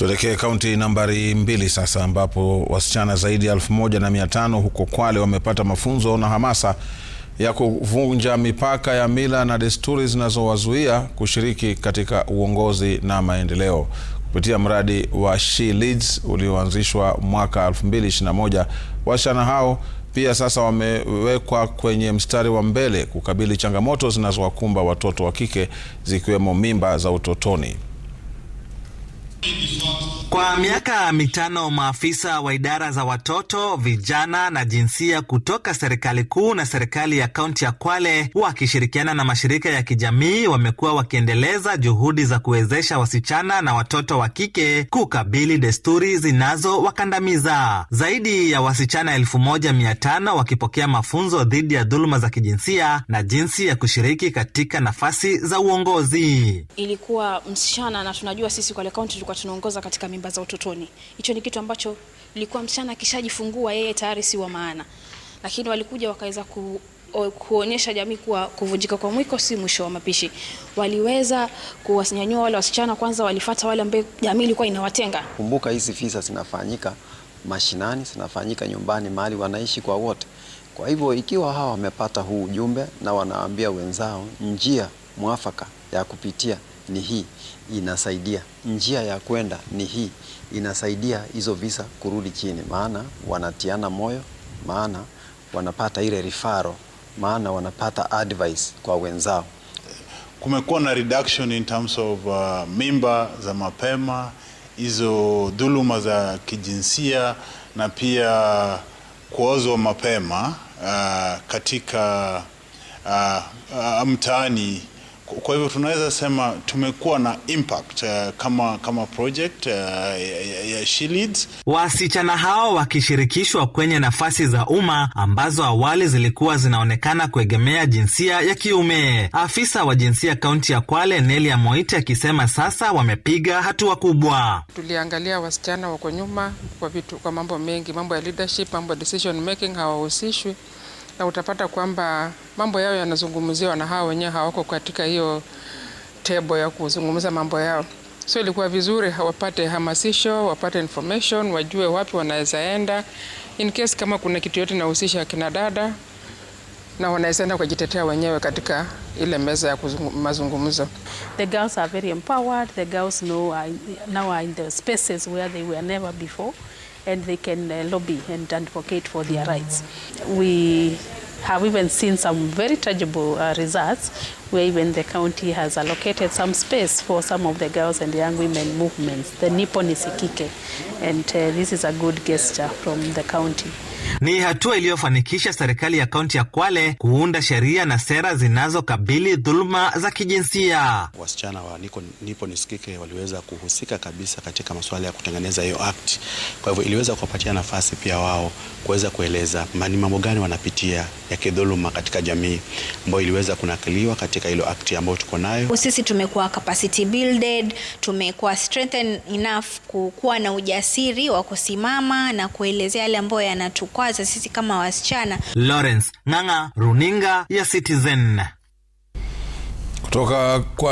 Tuelekee kaunti nambari mbili sasa ambapo wasichana zaidi ya elfu moja na mia tano huko Kwale wamepata mafunzo na hamasa ya kuvunja mipaka ya mila na desturi zinazowazuia kushiriki katika uongozi na maendeleo. Kupitia mradi wa She Leads ulioanzishwa mwaka 2021, wasichana hao pia sasa wamewekwa kwenye mstari wa mbele kukabili changamoto zinazowakumba watoto wa kike zikiwemo mimba za utotoni. Kwa miaka mitano maafisa wa idara za watoto, vijana na jinsia kutoka serikali kuu na serikali ya kaunti ya Kwale wakishirikiana na mashirika ya kijamii wamekuwa wakiendeleza juhudi za kuwezesha wasichana na watoto wa kike kukabili desturi zinazowakandamiza. Zaidi ya wasichana elfu moja mia tano wakipokea mafunzo dhidi ya dhuluma za kijinsia na jinsi ya kushiriki katika nafasi za uongozi. Ilikuwa msichana na tunajua sisi Kwale kaunti tulikuwa tunaongoza katika mimi mimba za utotoni. Hicho ni kitu ambacho ilikuwa msichana akishajifungua yeye tayari si wa maana, lakini walikuja wakaweza ku kuonyesha jamii kuwa kuvunjika kwa mwiko si mwisho wa mapishi. Waliweza kuwanyanyua wale wasichana kwanza, walifata wale ambao jamii ilikuwa inawatenga. Kumbuka hizi visa zinafanyika mashinani, zinafanyika nyumbani, mahali wanaishi kwa wote. Kwa hivyo ikiwa hawa wamepata huu ujumbe na wanaambia wenzao njia mwafaka ya kupitia ni hii, inasaidia. Njia ya kwenda ni hii, inasaidia hizo visa kurudi chini, maana wanatiana moyo, maana wanapata ile rifaro, maana wanapata advice kwa wenzao. Kumekuwa na reduction in terms of uh, mimba za mapema, hizo dhuluma za kijinsia na pia kuozwa mapema uh, katika uh, uh, mtaani kwa hivyo tunaweza sema tumekuwa na impact uh, kama kama project uh, ya, ya She Leads. Wasichana hao wakishirikishwa kwenye nafasi za umma ambazo awali zilikuwa zinaonekana kuegemea jinsia ya kiume. Afisa wa jinsia kaunti ya Kwale Nelia Moiti akisema sasa wamepiga hatua kubwa. Tuliangalia wasichana wako nyuma kwa vitu, kwa mambo mengi, mambo ya leadership, mambo ya decision making hawahusishwi na utapata kwamba mambo yao yanazungumziwa na hao wenyewe hawako katika hiyo tebo ya kuzungumza mambo yao. So ilikuwa vizuri wapate hamasisho, wapate information, wajue wapi wanaweza enda in case kama kuna kitu yote inahusisha kina dada, na wanaweza enda kujitetea wenyewe katika ile meza ya mazungumzo. The girls are very empowered. The girls know, uh, now are in the spaces where they were never before and they can uh, lobby and advocate for their mm. rights. We have even seen some very tangible uh, results where even the county has allocated some space for some of the girls and young women movements, the Nippon Isekike. And uh, this is a good gesture from the county. Ni hatua iliyofanikisha serikali ya kaunti ya Kwale kuunda sheria na sera zinazokabili dhuluma za kijinsia. Wasichana wa niko, nipo nisikike waliweza kuhusika kabisa katika masuala ya kutengeneza hiyo act. Kwa hivyo iliweza kuwapatia nafasi pia wao kuweza kueleza ni mambo gani wanapitia ya kidhuluma katika jamii ambayo iliweza kunakiliwa katika hilo act ambayo tuko nayo. Sisi tumekuwa capacity builded, tumekuwa strengthened enough kuwa na ujasiri wa kusimama na kuelezea yale ambayo yanatuko kwanza sisi kama wasichana. Lawrence Ng'ang'a, runinga ya Citizen kutoka kwa